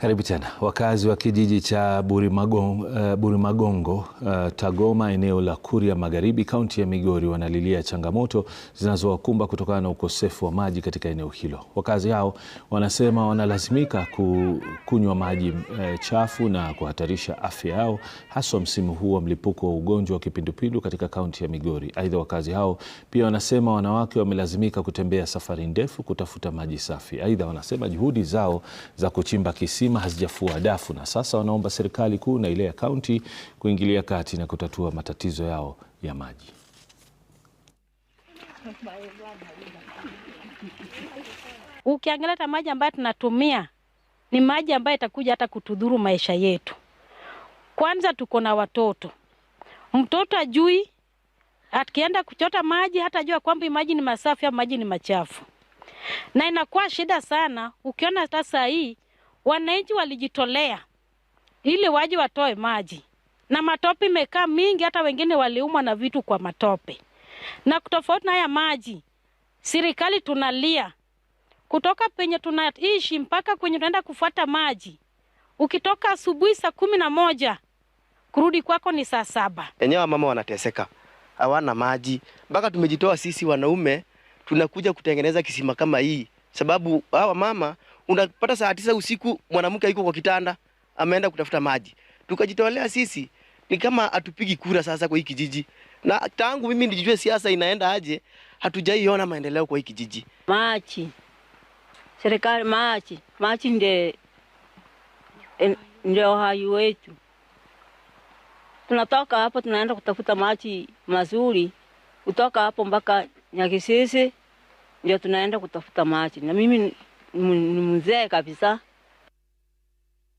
Karibu tena. Wakazi wa kijiji cha eh, Burimagongo, uh, eh, Buri uh, Tagoma eneo la Kuria Magharibi kaunti ya Migori wanalilia changamoto zinazowakumba kutokana na ukosefu wa maji katika eneo hilo. Wakazi hao wanasema wanalazimika kunywa maji uh, chafu na kuhatarisha afya yao haswa msimu huu wa mlipuko wa ugonjwa wa kipindupindu katika kaunti ya Migori. Aidha, wakazi hao pia wanasema wanawake wamelazimika kutembea safari ndefu kutafuta maji safi. Aidha, wanasema juhudi zao za kuchimba kisima daima hazijafua dafu, na sasa wanaomba serikali kuu na ile ya kaunti kuingilia kati na kutatua matatizo yao ya maji. Ukiangalia hata maji ambayo tunatumia ni maji ambayo itakuja hata kutudhuru maisha yetu. Kwanza tuko na watoto, mtoto ajui akienda kuchota maji hata jua kwamba maji ni masafi au maji ni machafu, na inakuwa shida sana. Ukiona hata saa hii wananchi walijitolea ili waje watoe maji, na matope imekaa mingi, hata wengine waliumwa na vitu kwa matope. Na tofauti na haya maji, serikali tunalia kutoka penye tunaishi mpaka kwenye tunaenda kufuata maji. Ukitoka asubuhi saa kumi na moja kurudi kwako ni saa saba. Enyewe mama wanateseka, hawana maji, mpaka tumejitoa sisi wanaume tunakuja kutengeneza kisima kama hii sababu hawa mama, unapata saa tisa usiku mwanamke yuko kwa kitanda ameenda kutafuta maji. Tukajitolea sisi ni kama atupigi kura sasa kwa hii kijiji, na tangu mimi nijue siasa inaenda aje, hatujaiona maendeleo kwa hii kijiji. Machi serikali, machi machi nde ndio uhai wetu. Tunatoka hapo tunaenda kutafuta maji mazuri, kutoka hapo mpaka nyakisisi ndio tunaenda kutafuta maji, na mimi ni mzee kabisa